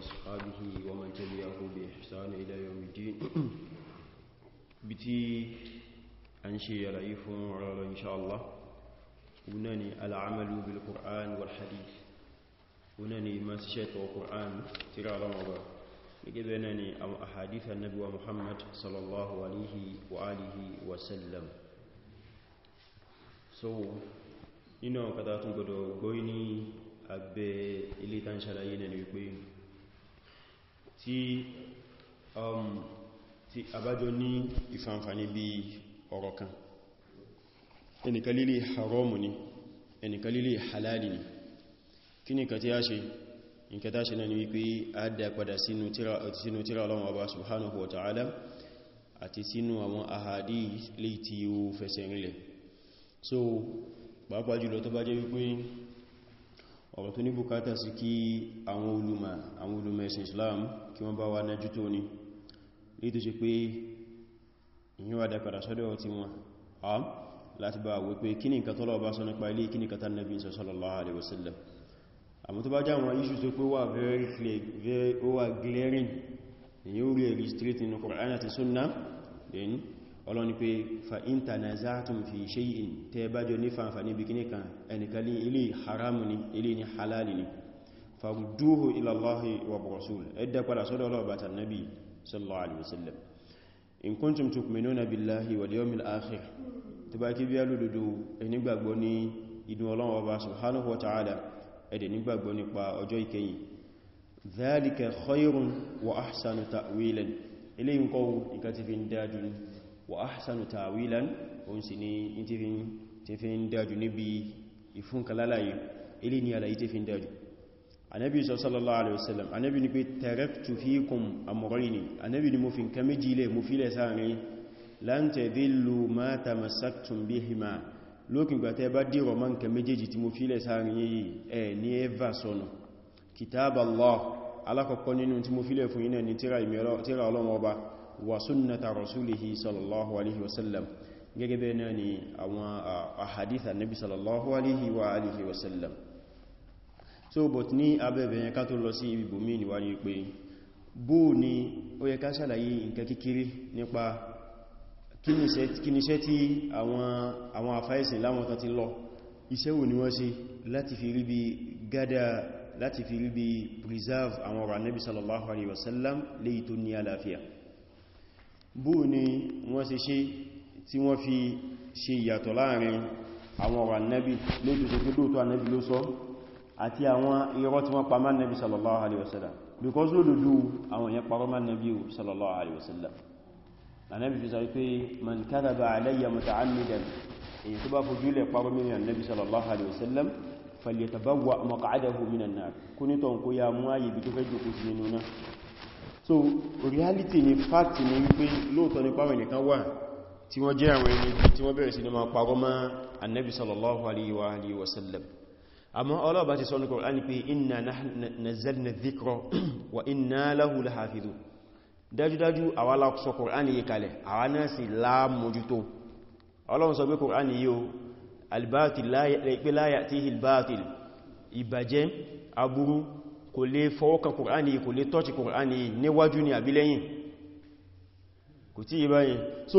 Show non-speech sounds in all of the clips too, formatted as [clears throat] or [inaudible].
وأصحابه ومن تبعه بإحسان إلى يوم الدين بتي أنشي رئيف وعلى إن شاء الله ونني العمل بالقرآن والحديث ونني ما سشيت وقرآن ترى رمضان لكذا نني أو أحاديث النبي محمد صلى الله عليه وآله وسلم so nínú ọ̀kàtà tún gbọdọ̀ gbọ́ ní abẹ́ ilé tán ṣàlàyé nẹni wípé tí um, tí àbájọ ní ìfàǹfàní bí ọ̀rọ̀ kan ẹnìkan lílé haramu ni ẹnìkan lílé halali ni kí ni kàtí a ṣe nǹkan tá ṣe náà ni wípé a dá padà sínú tíra ọlọ́run ọba subhanahu wa ta'ala àti sínú àwọn ahadi lè tí ó fẹsẹ̀ rinlẹ̀ so pàápàá jùlọ tó bá jẹ́ wípé ọ̀rọ̀ tó ní bùkátà sí kí àwọn ulama àwọn ulama ẹ̀sìn Islam kí wọ́n bá wa nájú tó ní èyí tó ṣe pé ìyí wà dápadà sọ́dọ̀ tí wọ́n a láti bá wé pé kí bá sọ nípa ilé kí ni kàtà nàbí sallallahu alaihi wasallam àmọ́ tó bá já wọn very clear wà glaring èyí ó rí ẹ̀rí straight nínú Qur'an àti sunna then ọlọ́ fa in tanaza'tum fi shay'in tẹ́ bá jọ ní fanfa níbi kíníkan ẹnìkan ní haramu ni ni halali ni farudduhu ila Allahi wa rasul ẹ̀dà padà sọ́dọ̀ ọlọ́ọ̀bá tàn nabi sallallahu alaihi wasallam in kuntum tu'minuna billahi wal yawmil akhir tó bá kí bí a lòdòdó ẹni gbàgbọ́ ní inú ọlọ́ọ̀bá subhanahu wa ta'ala ẹ̀dẹ̀ nígbàgbọ́ nípa ọjọ́ ìkẹyìn dhalika khayrun wa ahsanu ta'wilan ilé ń kọ́wù nǹkan ti fi ń dájú ní wa ahsanu ta'wilan òun sì ní ti fi ń dájú níbi ìfúnkalálàyé ilé ni àlàyé ti fi ń dájú anabi sallallahu alaihi wasallam anabi ní pé taraktu fikum amrayni anabi ní mo fi nǹkan méjì lé mo fi lé sáàrin lan tadillu ma tamassaktum bihima lókin gbà tẹ́ bá diro man kan méjèèjì tí mo fi lé sáàrin yìí ẹ ní eva sọnù kitab allah alakoko nínú tí mo fi lé fún yín ní tírà imero tírà Ọlọ́run Ọba wa sunnata rasulihi sallallahu alaihi wasallam gẹ́gẹ́ bẹ́ẹ̀ náà ni àwọn ahadith sallallahu alaihi wa alihi wasallam so but ní abẹ́bẹ̀ yẹn ká tó lọ sí ibìbò mí ni wá ní pé bó ni ó yẹ ká ṣàlàyé nǹkan kékeré nípa kí ni iṣẹ́ tí àwọn àfáìsìn láwọn tán ti lọ iṣẹ́ wo ni wọ́n ṣe láti fi rí bí gádà láti fi rí bí preserve àwọn ọ̀rọ̀ annabi sallallahu alaihi wasallam léyìí ni wọ́n ṣe ṣe tí wọ́n fi ṣe ìyàtọ̀ láàrin àwọn ọ̀rọ̀ annabi lóòtù tó tó àti àwọn irọ́ tí wọ́n pa má nẹ́bí sallallahu alaihi wasallam because lódòdó àwọn èèyàn parọ́ má nẹ́bí sallallahu alaihi wasallam ànẹ́bí fi sọ pé man kadhaba alayya muta'ammidan èyí tó bá fojú lẹ̀ parọ́ mi yàn nẹ́bí sallallahu alaihi wasallam falyatabawwa maq'adahu minan nar kó ní tọ́n kó ya mú ààyè bí tó fẹ́ jòkó sí nínú náà so reality ni fact ni wípé lóòtọ́ ni pàwọn ẹnìkan wà tí wọ́n jẹ́ àwọn ẹni tí wọ́n bẹ̀rẹ̀ sí ní máa parọ́ mọ́ annabi sallallahu alaihi wa alihi wasallam àmọ́ ọlọ́ọ̀bá ti sọ́nù kọ̀rán ni pé inna nazzalna dhikra [clears throat] wa inna lahu lahafidhu dájúdájú àwa la sọ kọ̀rán yìí kalẹ̀ àwa náà sì lámójútó ọlọ́run sọ pé kọ̀rán yìí o albatil pé la ya'tihi albatil ìbàjẹ́ aburú kò lè ni àbí kò tí ìbáyìn so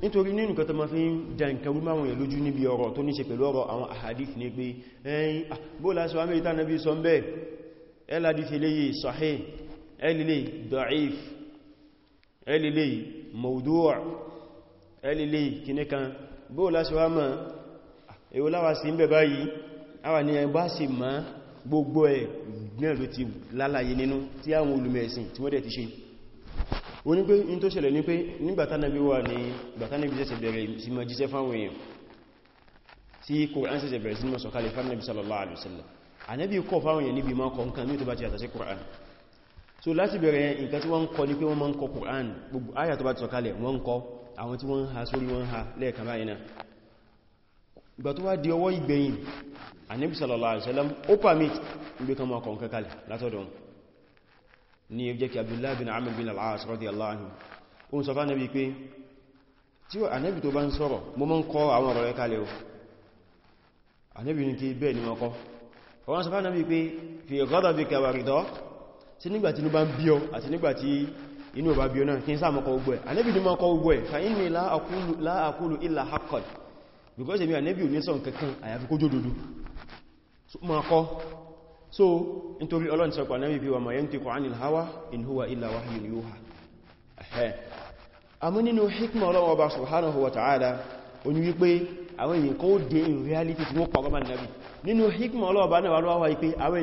nítorí nínú kan tó ma fi ń dá nǹkan rú máwọn èèyàn lójú níbi ọ̀rọ̀ tó ní ṣe pẹ̀lú ọ̀rọ̀ àwọn ahadif ní pé ẹ̀yìn bóòlá sọ amẹ́ ìta nàbí sọ mẹ́ ẹ̀ládìí eléyìí sahih ẹlìlẹ̀ da'if ẹlìlẹ̀ mawdu' ẹlìlẹ̀ kìnníkan bóòlá sọ amẹ́ èwo láwá sí ń bẹ̀ ó ní pé in tó ṣẹlẹ̀ ní pé nígbàtánàbí wà ní gbàtánàbí ṣẹ̀ṣẹ̀ bẹ̀rẹ̀ sí ma jíṣẹ́ fáwọn èèyàn tí Kùránì ṣẹ̀ṣẹ̀ bẹ̀rẹ̀ sí ma sọ̀kalẹ̀ fánàbí sallallahu alaihi wasallam ànábì kọ́ fáwọn èèyàn níbi ma kọ nǹkan ní tó bá ti yàtọ̀ sí Kùránì so láti bẹ̀rẹ̀ nǹkan tí wọ́n kọ ní pé wọ́n máa ń kọ Kùránì gbogbo áyà ha sórí wọ́n ha lẹ́ẹ̀kan báyìí náà ìgbà tó wá di ọwọ́ ìgbẹ̀yìn ànábì sallallahu alaihi wasallam ó pàmìt ìgbé kan mọ́ ọkọ̀ nǹkan ní ẹgbẹ́ kí Abdullah bin Amr bin al-As radiyallahu anhu o ń sọ fá nẹ́bí pé tí ànẹ́bì tó bá ń sọ̀rọ̀ mo mọ́ ń kọ́ àwọn ọ̀rọ̀ ẹ̀kalẹ̀ o ànẹ́bì ní kí bẹ́ẹ̀ ni mọ́kọ́ wọ́n sọ fá nẹ́bí pé fi ghadabika wa ridha sí nígbàtí inú bá ń bí ọ àti nígbàtí inú bá bí ọ náà kí n sáà mọ́kọ́ ogbó so nítorí ọlọ́n sọ pàdánà ìbí wa ma yantiqu anil hawa in huwa illa wahyun yuha ẹ̀hẹ́ àmú nínú hikma ọlọ́wọ́ bá subhanahu wa ta'ala ó ní wípé àwọn èèyàn kó dé in reality tí wọ́n pàgọ́ bá nàbí nínú hikma ọlọ́wọ́ bá náà lọ́wọ́ wípé àwọn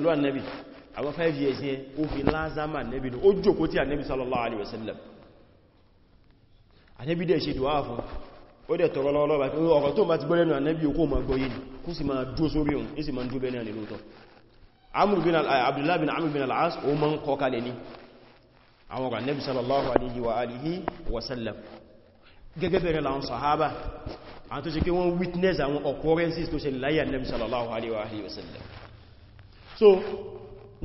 lọ́wọ́ àwọn 5 years yẹn ó fi lázàmà nẹ́bì ó jòkó tí ànẹ́bì sallallahu alaihi wasallam ànẹ́bì dẹ̀ ṣe dùwà fún ó dẹ̀ tọrọ lọ́wọ́lọ́wọ́ pé ọ̀rọ̀ tó máa ti gbọ́lẹ́nu ànẹ́bì okó ma gbọ́ yìí kú sì máa dúó sórí òun ìsì máa dúó bẹ́ẹ̀ nílò tọ́ Abdullah bin Amr bin al-As ó máa ń kọ́ kalẹ̀ ní àwọn ọ̀rọ̀ ànẹ́bì sallallahu alaihi wa alihi wasallam gẹ́gẹ́ bẹ̀rẹ̀ láwọn sahaba àwọn tó ṣe pé wọ́n witness àwọn occurrences tó ṣẹlẹ̀ láyé ànẹ́bì sallallahu alaihi wa alihi wasallam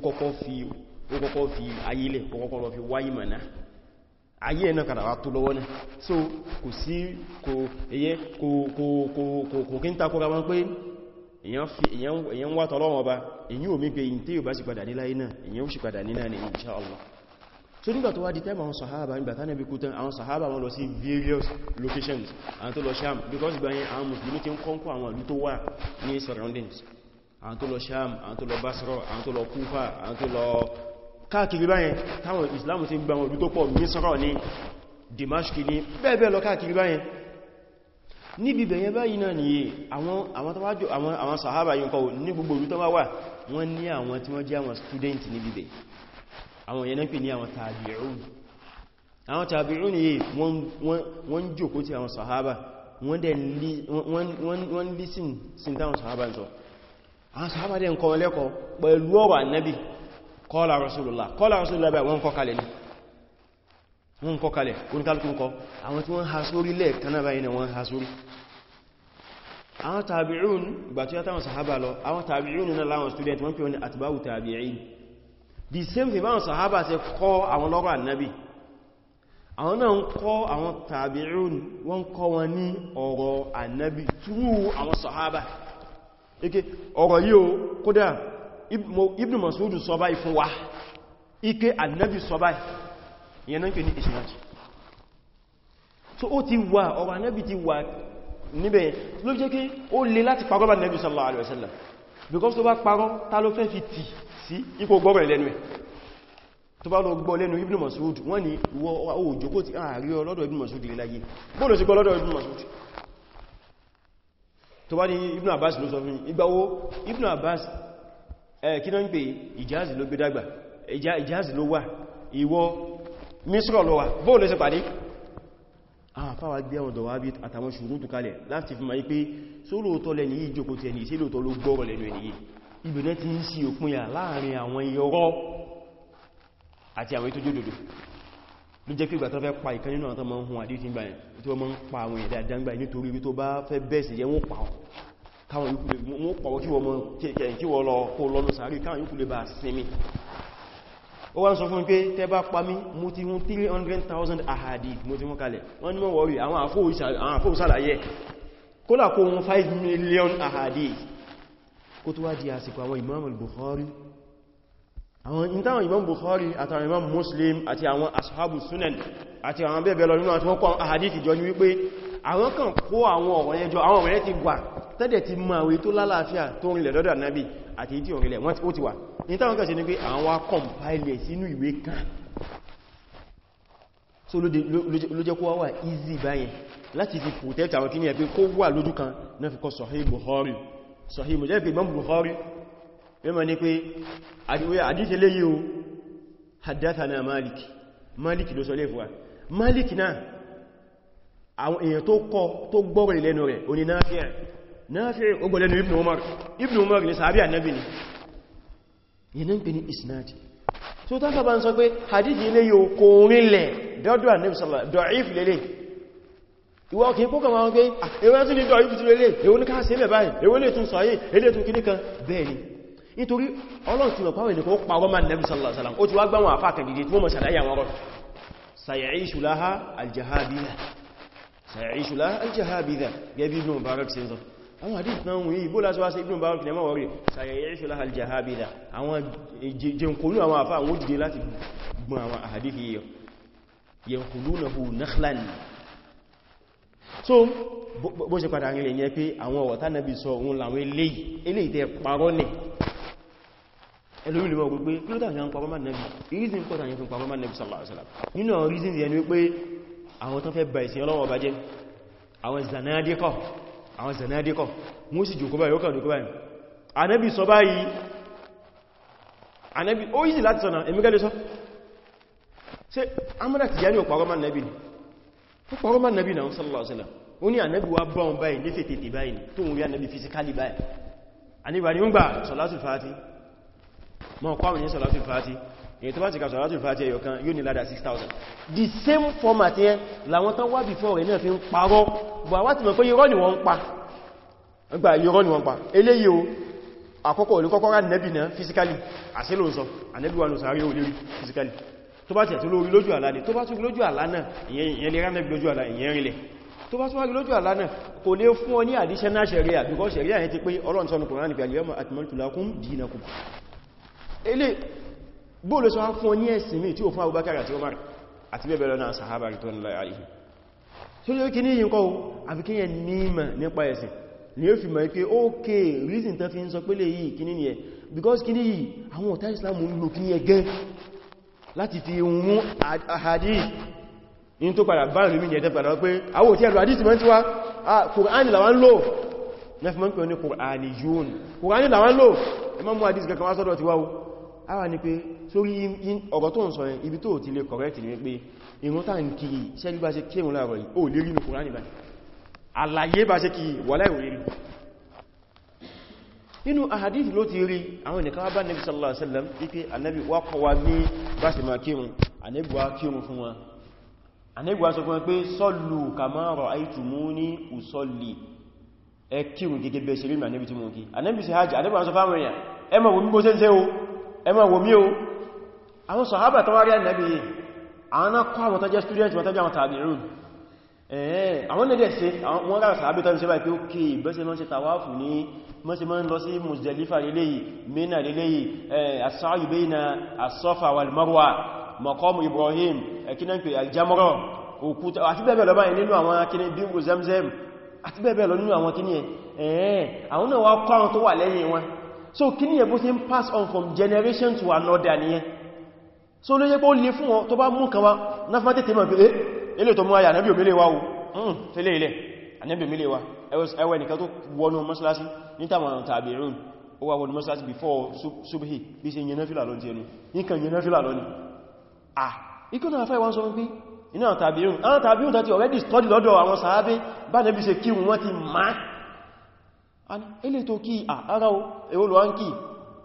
kọ́kọ́ fi ayílẹ̀ kọ́kọ́ lọ fi wáyé mọ̀ná ayé ẹ̀nà kàdà tó lọ́wọ́ náà so kò sí kò ẹyẹ kò kí ń takọ́ra wọn pé èyàn wà tọ́lọ́wọ́ ọba èyí ò mígbé yìí tí yóò bá sì padà nílá iná èyí ó sì padà nílá ní insha so nígbà tó wá di tẹ́mà àwọn sahaba nígbà tánà bí kútán àwọn sahaba wọn lọ sí various locations àwọn tó lọ Sham because gbáyẹn àwọn Mùsùlùmí ti ń kọ́nkọ́ àwọn ìlú tó wà ní surroundings àwọn tó lọ sham àwọn tó lọ basro àwọn tó lọ kúfà àwọn tó lọ káàkiri báyẹn táwọn islamu ti gbàmọ̀ ojú tó pọ̀ mísọ́rọ̀ ní dimashki ní bẹ́ẹ̀bẹ́ẹ̀ lọ káàkiri báyẹn níbi bẹ̀yẹn báyìí náà ni àwọn sàhábà yìí kọ̀ ní gbogbo orí tó bá wà wọ́n ní àwọn tí wọ́n jẹ́ àwọn student níbi bẹ̀ àwọn yẹn pè ní àwọn tàbí'ùn àwọn tàbí'ùn ni wọ́n jókòó ti àwọn sàhábà wọ́n listen sí táwọn sàhábà ń sọ àwọn sàhábàdẹ̀ ń kọwọ́ lẹ́kọ̀ọ́ pẹ̀lú ọ̀rọ̀ annabi kọ́lá rasulullah kọ́lá rasulullah bẹ̀ wọ́n kọkalẹ̀ ní wọ́n kọkalẹ̀ oníkálùkùnkọ́ àwọn tí wọ́n ha sórí lẹ́ẹ̀kanáà báyìí wọ́n ha sórí àwọn tàbí'ún ìgbà tí wọ́n sàhábà lọ àwọn tàbí'ún náà láwọn student wọ́n pè wọ́n ni àtìbáwù tàbí'ín the same thing báwọn sàhábà ṣe kọ́ àwọn lọ́rọ̀ annabi àwọn náà ń kọ́ àwọn tàbí'ún wọ́n kọ́ wọn ní ọ̀rọ̀ annabi through àwọn sàhábà ike ọ̀rọ̀ yìí o kódà ibn masudu sọ báyìí fún wa ike annabi sọ báyìí ìyẹn náà kí ní ìṣìnàjì so ó ti wà ọ̀rọ̀ annabi ti wà níbẹ̀ ló jẹ́ kí ó lè láti parọ́ bá annabi sallallahu alaihi wasallam because tó bá parọ́ ta ló fẹ́ fi tì sí ipò gbọ́rọ̀ lẹ́nu ẹ̀ ibn masud wọ́n ni wọ́n òjò kó ti ààrí ah, ọlọ́dọ̀ ibn masud lè láyé bóòlù sí gbọ́ ibn masud tó bá ní Ibn Abbas ló sọ fún ìgbàwó Ibn Abbas kí náà ń pè ìjáàzì ló gbé dàgbà ìjáàzì ló wà ìwọ misra ló wà bóò ló ṣe pàdé ah, àfáwà gbé àwọn ọ̀dọ̀wà bí àtàwọn ṣùgbọ́n tó kalẹ̀ láti fi ma ipé só lóòtọ́ lẹ́ni yìí jókòó ti ẹni sí lóòtọ́ ló gbọ́rọ̀ lẹ́nu ẹni yìí ibìnẹ́ ti ń sí òpin yà láàrin àwọn iyọrọ àti àwọn ètò jódòdó ló jẹ́ pé ìgbà tó fẹ́ pa ìkan nínú àwọn tó ma ń hun àdífin gbà yẹn tí wọ́n ma ń pa àwọn ẹ̀dà àdáńgbà yẹn nítorí ibi tó bá fẹ́ bẹ́ẹ̀sì yẹ wọ́n pa ọ̀ káwọn yóò kúlé wọ́n pa ọ̀ kí wọ́n lọ kó lọ́nà sàárì káwọn yóò kúlé bá sinmi ó wá ń sọ fún mi pé tẹ́ bá pa mí mo ti hun 300,000 ahadi mo ti mú kalẹ̀ wọ́n ní mọ́ wọ́rí àwọn àfóòsàlàyé kólà kó hun 5 million ahadi kó tó wá di àsìkò àwọn Imam al-Bukhari àwọn ìtàwọn Imam Bukhari àtàwọn Imam Muslim àti àwọn ashabu sunan àti àwọn bẹ́ẹ̀bẹ̀ lọ nínú àti wọ́n kọ́ àhàdìtì jọ ní wípé àwọn kan kó àwọn ọ̀rọ̀ yẹn jọ àwọn ọ̀rọ̀ ti gbà tẹ́dẹ̀ ti ma wé tó lálàáfíà tó rinlẹ̀ lọ́dọ̀ Ànábì àti tí òrinlẹ̀ wọ́n ó ti wà ìtàwọn kan ṣe ni pé àwọn wá compile sínú kan so ló jẹ́ kó wà easy báyẹn láti fi protect àwọn kíní ẹ̀ pé kó wà kan náà fi kọ́ Sahih Bukhari mímọ̀ ní pé àdíṣẹ́ lè yíò haddathana malik malik ló sọ lè fún wa malik náà àwọn èèyàn tó kọ tó gbọ́rọ̀ lẹ́nu rẹ̀ o ni náàfíà náàfíà ó gbọ́ lẹ́nu ibn umar ibn umar ni sàábí ànábì ni yìí náà ń pè ní isnadi tó tán sábà ń sọ pé hadithi ilé yóò kò rinlẹ̀ dọ́dọ̀ ànábì sọ́lá dọ̀íf lélẹ̀ ìwọ kìí pọ́kà máa ń pé ah, ewé tún ní dọ̀íf tún lélẹ̀ nítorí ọlọ́run ti mọ̀ pàwọn ènìyàn kó pàwọ́ máa nẹ́bí sallallahu alaihi wasallam ó ti wá gbáwọn àfáà kan gidi tí wọ́n mọ̀ ṣàdáyà wọn rọ̀ sayaiṣu laha aljahabidha sayaiṣu laha aljahabidha gẹ́bí ibn mubarak ṣe zọ àwọn hadith náà wọ́n yìí bó lásọ wáṣe ibn mubarak ní mọ́wọ́ rí sayaiṣu laha aljahabidha àwọn jẹnkónú àwọn àfáà wọ́n dìde láti gbọ́n àwọn hadith yìí yanqulunahu nakhlan so bó ṣe padà rí ẹ̀yẹ pé àwọn ọ̀wọ̀ta nẹ́bí sọ òun làwọn eléyìí tẹ́ parọ́ nìí ẹlòmí lè mọ̀ pé kí ló tàbí àwọn pàpàmà nẹ́bí reason pọ̀ tàbí fún pàpàmà nẹ́bí sallallahu alaihi wasallam nínú àwọn reason yẹn ni pé àwọn tó fẹ́ bà ìsìn ọlọ́wọ́ bàjẹ́ àwọn zanadikọ̀ àwọn zanadikọ̀ mú sì jòkó báyìí ó kàdùkú báyìí anẹ́bí sọ báyìí anẹ́bí ó yìí láti sọ̀nà èmi gẹ́lẹ́ sọ ṣe amúdà ti yẹni òpàrọ́mà nẹ́bí ni ó pàrọ́mà nẹ́bí sallallahu alaihi wasallam ó ní anẹ́bí wa bá wọn báyìí léfètètè báyìí tó wọ́n rí anẹ́bí fisikali báyìí anẹ́bí wa ni ó ń gbà sọ̀látù fàátì mọ́ kọ́ àwọn yẹn sọ̀látù fàájì èyí tó bá ti ka sọ̀látù fàájì ẹyọ kan yóò ní ládà 6,000 the same format yẹn làwọn tán wá before rẹ̀ náà fi ń parọ́ bọ̀ àwá ti mọ̀ pé irọ́ ni wọ́n pa gbà irọ́ ni wọ́n pa o àkọ́kọ́ olùkọ́kọ́ rá nẹ́bì náà physically àṣílò sọ ànẹ́bìwà ló sàárẹ́ olórí physically tó bá ti ẹ̀tọ́ lórí lójú àlá ní tó bá tún lójú àlá náà ìyẹn lè ránẹ́bì lójú àlá ìyẹn rílẹ̀ tó bá tún wá lójú àlá náà kò lè fún ọ ní additional sharia because sharia yẹn ti pé Ọlọ́run sọ ní Kùránì pé al-yawma akmaltu lakum ilé bóòlù sọ fún ní ẹ̀sìn mi tí ó fún Abubakar àti Umar àti bẹ́ẹ̀ bẹ́ẹ̀ náà sahaba rí tó ń láyé àìyí tó lè kí ní yìí kọ́ àfikíyàn níma nípa ẹ̀sìn ni ó fi mọ̀ pé ok reason tán fi ń sọ pé yìí kíní ni because kíní yìí àwọn ọ̀tá Islam ń lò kíní ẹgẹ́ láti fi wọ́n àhàdí in tó padà bá rí mi ní ẹ̀tẹ́ padà pé àwọn òtí ẹ̀lú àdísì mọ́ tí wá Kùránì ah, làwọn lò nẹ́fìmọ́ pẹ̀lú Kùránì yóò Kùránì làwọn lò ẹmọ́ mú àdísì kankan wá sọ́dọ̀ ti wáwó ara ni pé sórí ọ̀rọ̀ tó ń sọ yẹn ibi tó ti lè correct ni pé ìrun tá ń kiri sẹ́rí bá ṣe kírun láàrọ̀ yìí ó lè rí nùkúrá nìbà àlàyé bá ṣe kiri wà láì òlérí sallallahu alaihi wasallam wípé anabi wá kọ́ wa ní bá ṣe máa kírun anabi wá kírun fún wa anabi wá sọ fún wa pé sallu kama ra'aytumuni usalli ẹ kírun gẹ́gẹ́ bẹ́ẹ̀ ṣe rí mi anabi tí mo kí anabi ṣe hajj fáwọn èèyàn ẹ wọ́n bí mo ṣe ń ṣe o ẹmọ wò mí o àwọn sàhábà tó wárí ànàbí yìí àwọn náà kọ́ àwọn tó jẹ́ student wọ́n tọ́jú àwọn tàbírùn ẹ̀ẹ́ àwọn nẹ́dẹ̀ sí wọ́n rárá sàábí tó ń ṣe báyìí pé ó bẹ́sẹ̀ mọ́ sí tàwáfù ní mọ́sí mọ́ ń lọ sí Muzdalifa lélẹ́yìí Mina lélẹ́yìí as-sa'yu bayna as-Safa wal Ibrahim ẹ̀kínan pé al-Jamra òkúta àti bẹ́ẹ̀ lọ báyìí nínú àwọn Zamzam àti bẹ́ẹ̀ lọ nínú àwọn kíní ẹ̀ àwọn náà wá kọ́ àwọn tó so kí ní ẹ̀bọ́ sí ń pass on from generation to another nìyẹn so ló yẹ pé ó lè fún ọ tó bá mú kan wá náfíà tètè mọ̀ pé ilé eh, tó mú ayà ànábì òmìnlẹ̀ wá o tẹ́lẹ̀ hmm, ilẹ̀ ànábì òmìnlẹ̀ wá ẹwẹ́ nìkan tó wọnú mọ́ṣálásí before subhi bí ṣe yẹn náfíà lọ ti ẹnu nìkan yẹn ah ikú náà fẹ́ wọ́n sọ pé iná tàbírùn àwọn tàbírùn tàbí already study lọ́dọ̀ àwọn sàábé bá nẹ́bí ṣe kírun wọ́n ilé tó kí àárá olùwá ń kí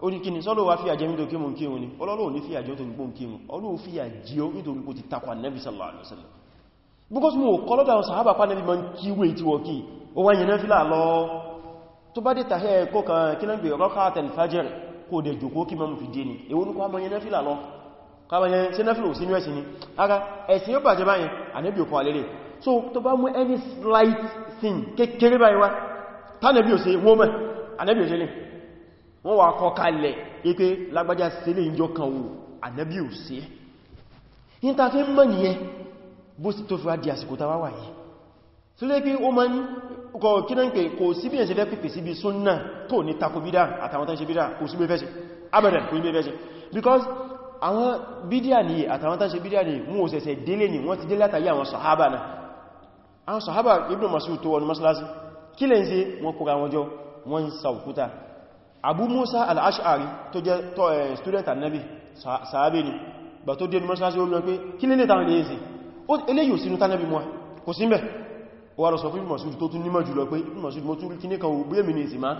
oníkíni sọ́lọ́ wá fíyà jẹ́ mítò kí mún kí wọn ni ọlọ́lọ́ ní fíyà jẹ́ tó gbọ́n kí wọn ọlọ́wọ́ fíyà jẹ́ nítorí kò ti takwa nẹ́bí sallallahu alaihi wasallam because mo kọlọ́dà wọn sàhábà pa nẹ́bí ma ń kí wé tí wọ́n kí o wá yẹnẹ́ fílà lọ tó bá dé tàhẹ́ kó kan kí ló ń gbé rọ́kàtẹ̀l fajr kó dẹ̀ jòkó kí mọ́mù fi dé ni èwo ní kó mọ́ yẹnẹ́ fílà lọ káwọn yẹn sí nẹ́fìlò sínú ẹ̀sìn ni ara ẹ̀sìn yóò bàjẹ́ báyẹn ànẹ́bì òkú alẹ́rẹ̀ so tó ba mú any slight thing kékeré báyìí wá tánàbí òsè wọ́n mẹ́ ànẹ́bí òsè lè wọ́n wà kọ kalẹ̀ ipé lágbàjá sílé ìjọ kan wò ànẹ́bí òsè yí ta fi mọ́ nìyẹn bó sì tó fi wá di àsìkò tàwà wà yìí tó lé pé ó mọ́ ní kọ̀ kí náà pé kò sí bí ẹ̀ṣẹ́ fẹ́ pípẹ̀ síbi súnnà tó ní takobídà àtàwọn tán ṣe bídà kò sí gbéfẹ́ṣe abẹ̀rẹ̀ kò ní gbéfẹ́ṣe because àwọn bídíà ni àtàwọn tán ṣe bídíà ni mú òsẹ̀sẹ̀ délé ni wọ́n ti dé látàrí àwọn sàhábà náà àwọn sàhábà Ibn Mas'ud tó wọnú masalasi kí lẹ́ ń ṣe wọ́n kóra wọn jọ wọ́n ń Abu Musa al-Ash'ari tó jẹ́ student annabi sàábé ni bà tó dé ní mọ́sánásí omi wọn pé kí lẹ́ tàwọn lè ṣe eléyìí sínú tánàbí mọ́ kò sí mẹ́ o wà lọ sọ fún Ibn Mas'ud tó tún nímọ̀ jùlọ pé Ibn Mas'ud mo tún kí ní kan ògbé mi ní ìsìn máa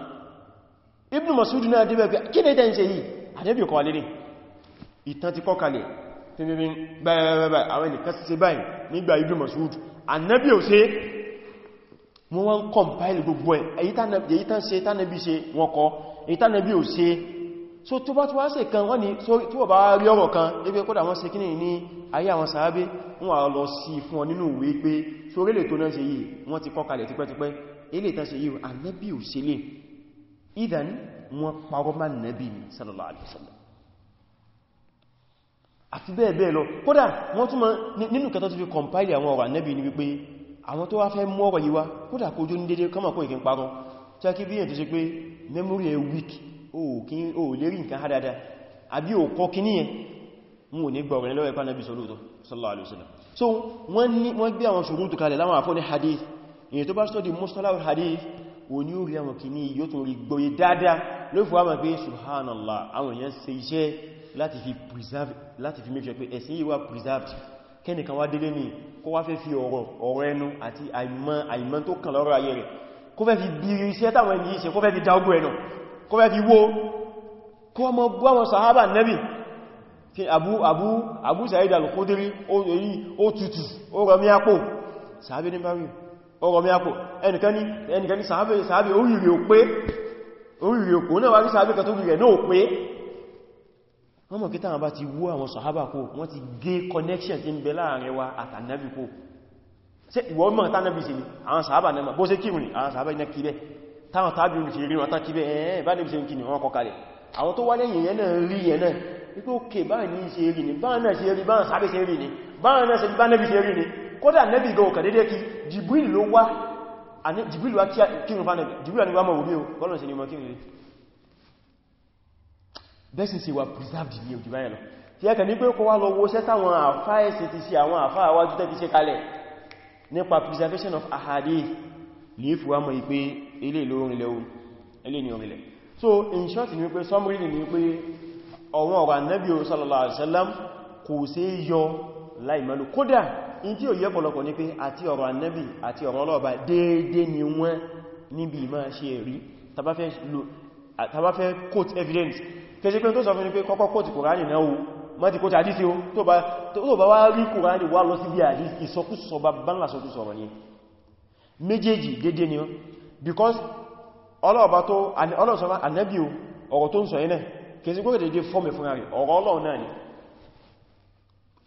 Ibn Mas'ud náà débẹ̀ pé kí ní tẹ́ ń ṣe yìí àdẹ́bì ọkọ̀ alẹ́dẹ̀ wọ́n wọ́n ń compile gbogbo ẹ̀ èyí tán ṣe tánàbí ṣe wọ́n kọ́ èyí tánàbí ò ṣe so tó bá tó se ṣe kan wọ́n ni tí wọ́n bá rí ọ̀rọ̀ kan ebe kódà wọ́n ṣe kí ní ayé àwọn sàábé wọ́n lọ sí fún ọ nínú ìwé pé so rélè tó náà ṣe yìí wọ́n ti kọ́ kalẹ̀ tipẹ́tipẹ́ ilé tán ṣe yìí ànábì ò ṣe lè ìdán wọ́n parọ́ má nàbì ní sallallahu alaihi wasallam àti bẹ́ẹ̀ bẹ́ẹ̀ lọ kódà wọ́n túnmọ̀ nínú kẹta tó fi compile àwọn ọ̀rọ̀ ànábì àwọn tó wá fẹ́ mú ọ̀rọ̀ yìí kódà kó jó ní dédé kọmọ̀kún ìkín parọ́ tí a kí bí èyàn tó pé memory ẹ weak o lè rí nǹkan hádádá àbí ò kọ́ kí níyẹn mú ní gbọ̀rọ̀ lọ́wọ́ ẹ̀pá so wọ́n gbé àwọn ṣòro tó kalẹ̀ láwọn àfọ́ ní hadith èyàn tó bá study mustalah hadith o ní ó rí àwọn kìíní yóò tún rí gbọ́yé dáadáa ló fi wá láti fi preserve láti fi make sure pé ẹ̀sìn yìí preserved kẹ́nìkan wá délé ní kó wá fẹ́ fi ọ̀rọ̀ ọ̀rọ̀ ẹnu àti àìmọ̀ tó kàn lọ́rọ̀ ayé rẹ̀ kó fẹ́ fi bírí iṣẹ́ táwọn ènìyàn ṣe kó fẹ́ fi dáógún ẹnu kó fẹ́ fi wó kó ọmọ bú àwọn sahaba nẹ́bì fi abu abu abu sa'id al-khudri ó tutù ó rọ mí àpò sàábé ní bá rí ó rọ mí àpò ẹnìkan ní sàábé ó rìrì òpé náà wá rí sàábé kan tó rìrì náà òpé wọ́n mọ̀ kí táwọn bá ti wó àwọn sọ̀hábà kó wọ́n ti gé connection tí ń bẹ láàrin wa àtànàbì kó ṣe ìwọ mọ̀ tánàbì sí ni àwọn sọ̀hábà náà bó ṣe kírun ni àwọn sọ̀hábà iná kíbẹ̀ táwọn tàbí orí wọn tán kí ni wọ́n kọkalẹ̀ àwọn tó wá lẹ́yìn yẹn náà rí yẹn náà wípé òkè báyìí ní ṣe rí ni báyìí náà ṣe rí báyìí sábẹ́ ni báyìí náà ṣe bá nẹ́bí ni kódà nẹ́bí gan òkà dédé kí Jibril ló wá Jibril wá kírun fánàbí Jibril wá ní wá mọ̀ bẹ́sì sí wà preserved ní òjò báyìí lọ tí ẹ́kà ní pé kó wá lọ wo ṣẹ́ táwọn àfá ẹ̀sẹ̀ ti sí àwọn àfá àwájú tẹ́ ti ṣe kalẹ̀ nípa preservation of ahadith ní ìfúwà mọ̀ ìpé ilé ní orílẹ̀ so in short ni pé summary ni pé ọ̀wọ́n ọ̀rọ̀ annabi sallallahu alaihi wasallam kò ṣe yọ láìmọ́lú kódà in tí ò yẹ pọ̀lọpọ̀ ní pé àti ọ̀rọ̀ annabi àti ọ̀rọ̀ ọlọ́ọ̀bá déédé ni níbi ìmá ṣe rí tàbáfẹ́ Ah, tàbá fẹ́ quote evidence kẹsí pé tó sọ fún ní pé kọ́kọ́ quote kòránì náà o má ti quote àdísí o tó bá wá rí kòránì wá lọ sí bí àdísí ìsọkúsọ bá bánlá sọkúsọ̀rọ̀ ní méjèèjì dédé ni because ọlọ́ọ̀bá tó ọlọ́ọ̀sọ́má ànábì o ọ̀rọ̀ tó ń sọ yẹn kẹsí kó dédé fọ́mẹ̀ fún rẹ̀ ọ̀rọ̀ ọlọ́ọ̀ náà ni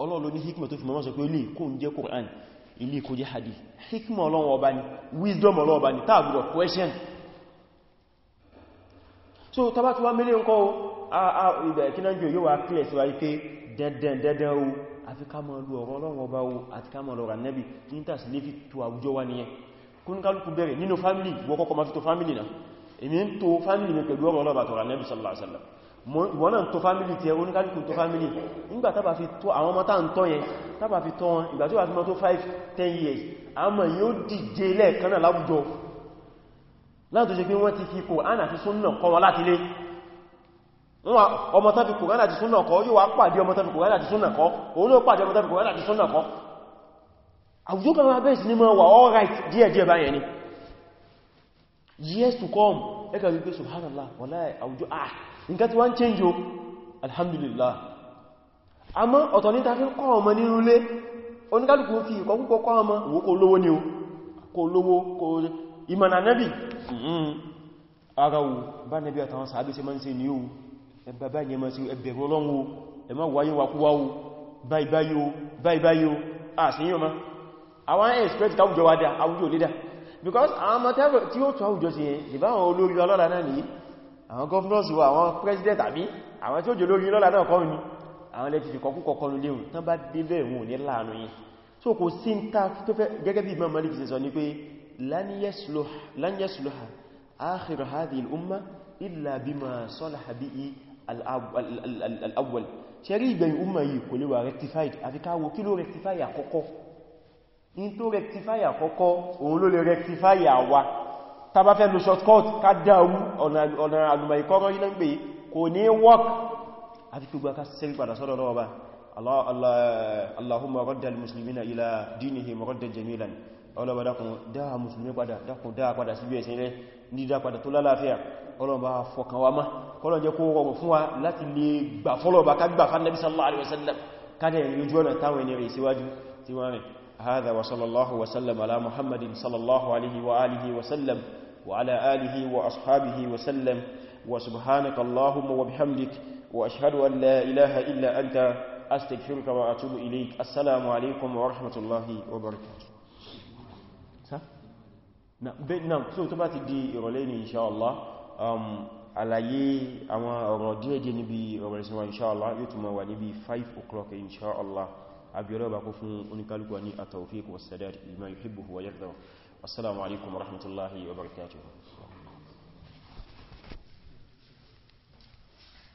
ọlọ́ọ̀lọ́ ní hikmọ̀ tó fi mọ́ sọ pé ilé kó ń jẹ́ kòránì ilé kó jẹ́ hadith hikmọ̀ ọlọ́wọ̀ ọba ni wisdom ọlọ́ọ̀ba ni táàbùrọ̀ question so tàbá tí wá mílé ǹkọ́ ìbẹ̀ kí náà jò yíò wá kílẹ̀ sí wáyé pé dẹ̀dẹ̀n dẹ̀dẹ̀n o àfi ká mọ̀ lù ọ̀rọ̀ Ọlọ́run ọba o àti ká mọ̀ lọ̀rọ̀ nẹ́bì ní tàṣí lé fi tó àwùjọ wá nìyẹn kún kálùkù bẹ̀rẹ̀ nínú fámílì wọ́kọ́kọ́ ma fi tó fámílì náà èmi ń tó fámílì mi pẹ̀lú ọ̀rọ̀ Ọlọ́run àtọ̀rọ̀ nẹ́bì sallallahu alaihi wasallam wọ́n náà tó fámílì tí ẹwọ́n kálùkù tó fámílì nígbà tàbà fi tó àwọn ọmọ tàà ń tọ́ yẹn tàbà fi tọ́ wọn years àmọ́ yóò dìje lẹ́ẹ̀kan náà láwùjọ láti ṣe pé wọ́n ti fi Kùránì àti súnnà kọ́ wọn láti lé ọmọ tán fi Kùránì súnnà kọ́ yóò wá pàdé ọmọ tán fi Kùránì súnnà kọ́ òun ló pàdé ọmọ tán fi Kùránì súnnà kọ́ àwùjọ kan bẹ́ẹ̀ sí ní mọ́ wà all right díẹ̀ díẹ̀ to ah alhamdulillah ìmọ̀nà nẹ́bì mm-hmm. ara o bá nẹ́bí àtàwọn sàábé ṣe máa ń ṣe ní o ẹgbà báyìí ẹmọ́ sí ẹbẹ̀rún ọlọ́run o ẹmọ́ wáyé wakúwá báyìí báyìí o ma àwọn expect àwùjọ wa dá àwùjọ lè because àwọn mọ́tẹ́rọ tí ó tún àwùjọ sí yẹn ìbá àwọn olórí ọlọ́lá náà nìyí àwọn governors wa àwọn president àbí àwọn tí ó ni àwọn lẹ́tì so kò sí ń ta tó fẹ́ gẹ́gẹ́ bí Imam Malik ṣe sọ ní pé lan yasluha akhir hadhihi al-umma illa bima salaha bihi al-awwal ṣẹ́rí ìgbẹ̀yìn umma yìí kò lè wà rectified àfi ká kí ló rectify àkọ́kọ́ in tó rectify àkọ́kọ́ òun ló lè rectify àwa tá bá fẹ́ lo shortcut ká dáwú ọ̀nà àlùmọ̀ ìkọ́rọ̀ yìí lẹ́gbẹ̀ kò ní work àfi gbogbo aká sẹ́rí padà sọ́dọ̀ lọ́wọ́ bá Allahumma radda al-muslimina ọlọ́ba dákun dáa musulmi padà dákun dáa padà sí bẹ̀ẹ̀sìn rẹ̀ ní dáa padà tó lálàáfíà ọlọ́ba fọkàn wa má kọ́lọ̀ jẹ́ kó rọrùn fún wa láti lè gbà fọ́lọ̀ba ká gbà fánàbí sallallahu alaihi wasallam kádẹ̀ ìrìnjú ọ̀nà هذا وصلى الله وسلم على محمد صلى الله عليه وآله وسلم وعلى آله وأصحابه وسلم وسبحانك اللهم وبحمدك وأشهد أن لا إله إلا أنت أستغفرك وأتوب إليك السلام عليكم ورحمة الله وبركاته náà so tó bá ti di ìrọ̀lẹ́ ní inṣáàlá um, àlàyé àwọn ọ̀rọ̀ díẹ̀díẹ̀ níbi ọ̀rọ̀ ìsinwa inṣáàlá yóò tún máa wà níbi 5 o'clock inṣáàlá abiyarwa bá kó fún oníkálùkù ní at-tawfiq was-sadad lima yuhibbu wa yarda wassalamu alaikum